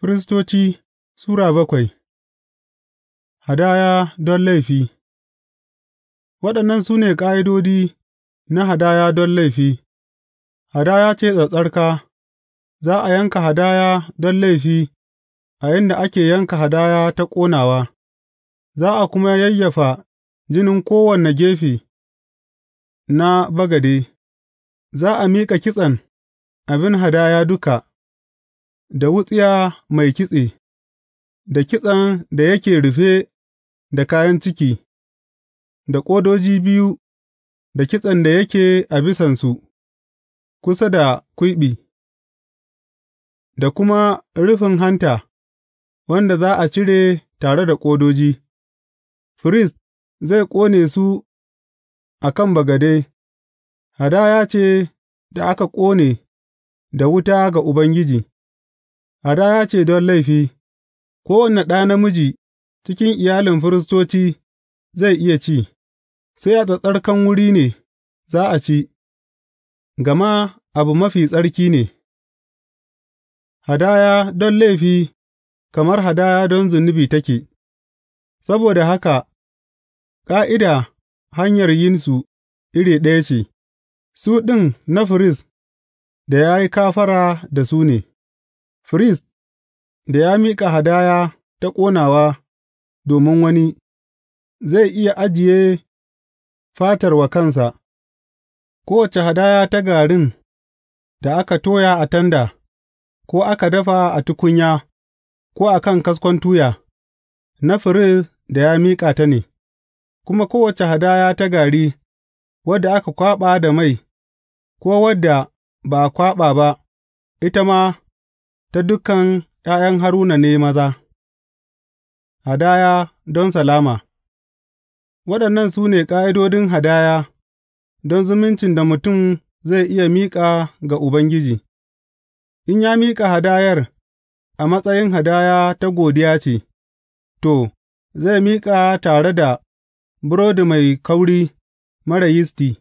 Firistoci Sura bakwai Hadaya don laifi Waɗannan su ne ƙa'idodi na hadaya don laifi, hadaya ce tsattsarka, za a yanka hadaya don laifi a inda ake yanka hadaya ta ƙonawa, za a kuma yayyafa jinin kowane gefe na bagade, za a miƙa kitsen abin hadaya duka. da wutsiya mai kitse, da kitsen da yake rufe da kayan ciki, da ƙodoji biyu, da kitsen da yake a bisansu, kusa da kwiɓi, da kuma rufin hanta, wanda za a cire tare da ƙodoji, firist zai ƙone su a kan bagade, hadaya ce da aka ƙone da wuta ga Ubangiji. Hadaya ce don laifi Kowane ɗa namiji cikin iyalin firistoci zai iya ci, sai a tsattsarkan wuri ne za a ci, gama abu mafi tsarki ne; hadaya don laifi kamar hadaya don zunubi take, saboda haka ƙa'ida hanyar yinsu iri ɗaya ce, su ɗin na firist da ya yi kafara da su ne. Firist da ya miƙa hadaya ta ƙonawa domin wani, zai iya ajiye fatar wa kansa, kowace hadaya ta garin da aka toya a tanda, ko aka dafa a tukunya, ko a kan kaskon tuya, na firist da ya miƙa ta ne, kuma kowace hadaya ta gari, wadda aka kwaɓa da mai, ko wadda ba a kwaɓa ba, ita ma ta dukan ’ya'yan Haruna ne maza, hadaya don salama Waɗannan su ne ƙa'idodin hadaya don zumuncin da mutum zai iya miƙa ga Ubangiji, in ya miƙa hadayar a matsayin hadaya ta godiya ce, to, zai miƙa tare da burodi mai kauri mara yisti,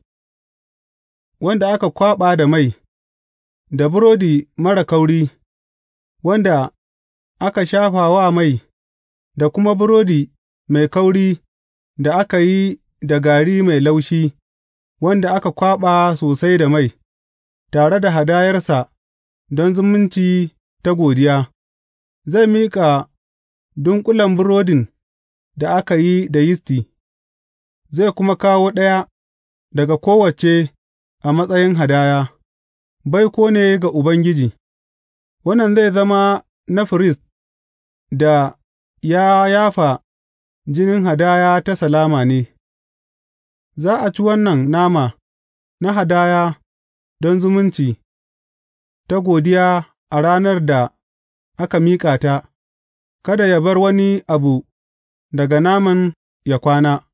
wanda aka kwaɓa da mai, da burodi mara kauri. wanda aka shafa wa mai, da kuma burodi mai kauri da aka yi da gari mai laushi, wanda aka kwaɓa sosai da mai, tare da hadayarsa don zumunci ta godiya, zai miƙa dunƙulen burodin da aka yi da yisti, zai kuma kawo ɗaya daga kowace a matsayin hadaya, baiko ne ga Ubangiji. Wannan zai zama na firist da ya yafa jinin hadaya ta salama ne; za a ci wannan nama na hadaya don zumunci ta godiya a ranar da aka miƙa ta, kada ya bar wani abu daga naman ya kwana,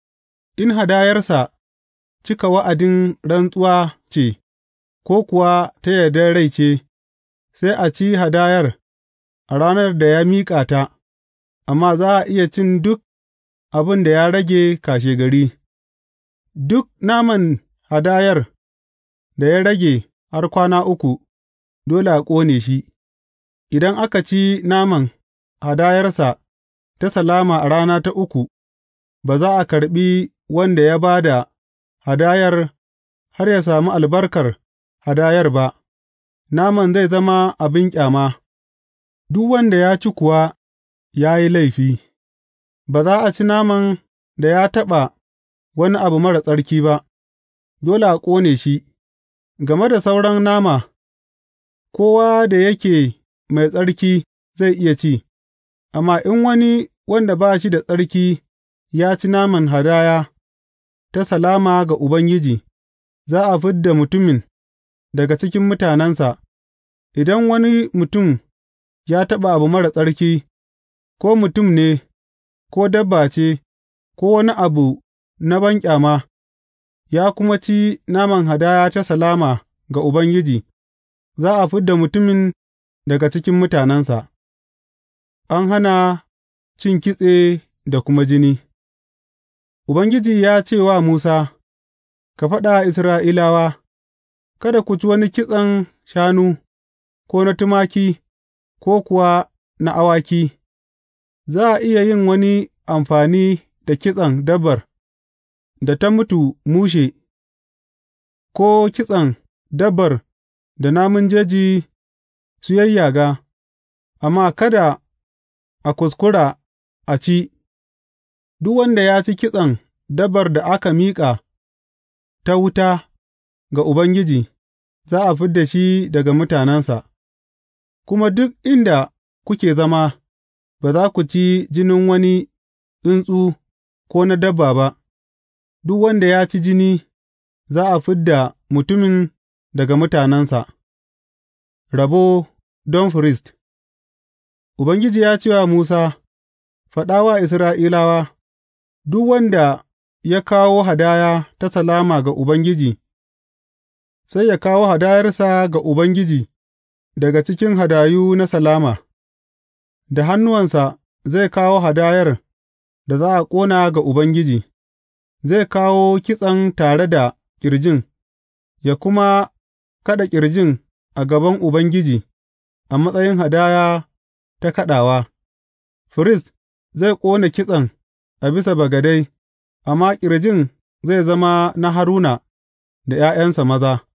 in hadayarsa cika wa'adin rantsuwa ce ko kuwa ta yardar rai ce. sai a ci hadayar a ranar da ya miƙa ta, amma za a iya cin duk abin da ya rage kashegari, duk naman hadayar da ya rage har kwana uku, dole a ƙone shi, idan aka ci naman hadayarsa ta salama a rana ta uku, ba za a karɓi wanda ya ba da hadayar har ya sami albarkar hadayar ba. naman zai zama abin ƙyama, duk wanda ya ci kuwa ya yi laifi, ba za a ci naman da ya taɓa wani abu marar tsarki ba, dole a ƙone shi, game da sauran nama, kowa da yake mai tsarki zai iya ci, amma in wani wanda ba shi da tsarki ya ci naman hadaya ta salama ga Ubangiji, za a fid da mutumin daga cikin mutanensa. Idan wani mutum ya taɓa abu marar tsarki, ko mutum ne, ko dabba ce, ko wani abu na banƙyama, ya kuma ci naman hadaya ta salama ga Ubangiji, za a fid da mutumin daga cikin mutanensa; an hana cin kitse da kuma jini Ubangiji ya ce wa Musa, Ka faɗa Isra'ilawa, Kada ku ci wani kitsen shanu. ko na tumaki, ko kuwa na awaki, za a iya yin wani amfani da kitsen dabbar da ta mutu mushe, ko kitsen dabbar da namun jeji su yayyaga, amma kada a kuskura a ci, duk wanda ya ci kitsen dabbar da aka miƙa ta wuta ga Ubangiji, za a fid da shi daga mutanensa. Kuma duk inda kuke zama, ba za ku ci jinin wani tsuntsu ko na dabba ba, duk wanda ya ci jini, za a fid da mutumin daga mutanensa. Rabo don firist Ubangiji ya ce wa Musa, Faɗa wa Isra'ilawa, Duk wanda ya kawo hadaya ta salama ga Ubangiji, sai ya kawo hadayarsa ga Ubangiji. daga cikin hadayu na salama, da hannuwansa zai kawo hadayar da za a ƙona ga Ubangiji, zai kawo kitsen tare da ƙirjin, ya kuma kaɗa ƙirjin a gaban Ubangiji a matsayin hadaya ta kaɗawa, firist zai ƙona kitsen a bisa bagadai amma ƙirjin zai zama na Haruna da ’ya'yansa maza,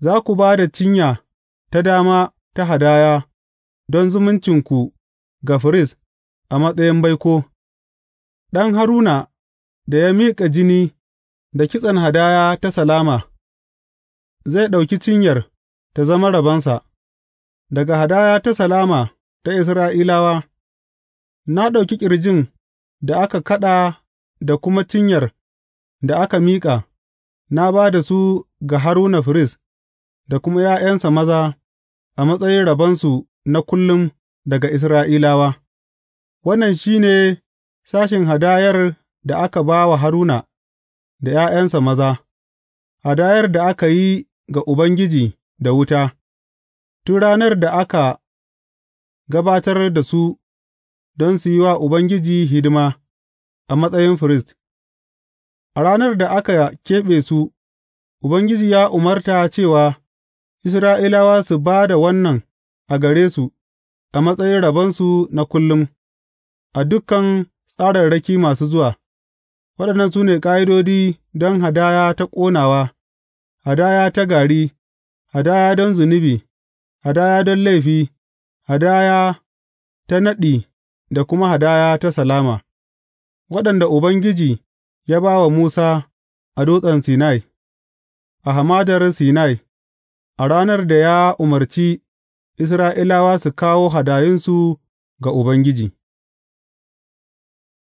za ku ba da cinya. ta dama ta hadaya don zumuncinku ga firist a matsayin baiko, ɗan Haruna da ya miƙa jini da kitsen hadaya ta salama, zai ɗauki cinyar ta zama rabansa daga hadaya ta salama ta Isra'ilawa, na ɗauki ƙirjin da aka kaɗa da kuma cinyar da aka miƙa, na ba da su ga Haruna firist. da kuma ’ya'yansa maza a matsayin rabonsu na kullum daga Isra'ilawa, wannan shi ne sashen hadayar da aka ba wa Haruna da ’ya'yansa maza, hadayar da aka yi ga Ubangiji da wuta, tun ranar da aka gabatar da su don su yi wa Ubangiji hidima a matsayin firist, a ranar da aka keɓe su, Ubangiji ya umarta cewa. Isra'ilawa su ba da wannan a gare su a matsayin rabonsu na kullum, a dukan tsararraki masu zuwa, waɗannan su ne ƙa'idodi don hadaya ta ƙonawa, hadaya ta gari, hadaya don zunubi, hadaya don laifi, hadaya ta naɗi da kuma hadaya ta salama, waɗanda Ubangiji ya ba wa Musa a Dutsen Sinai, a Hamadar Sinai. a ranar da ya umarci Isra'ilawa su kawo hadayunsu ga Ubangiji.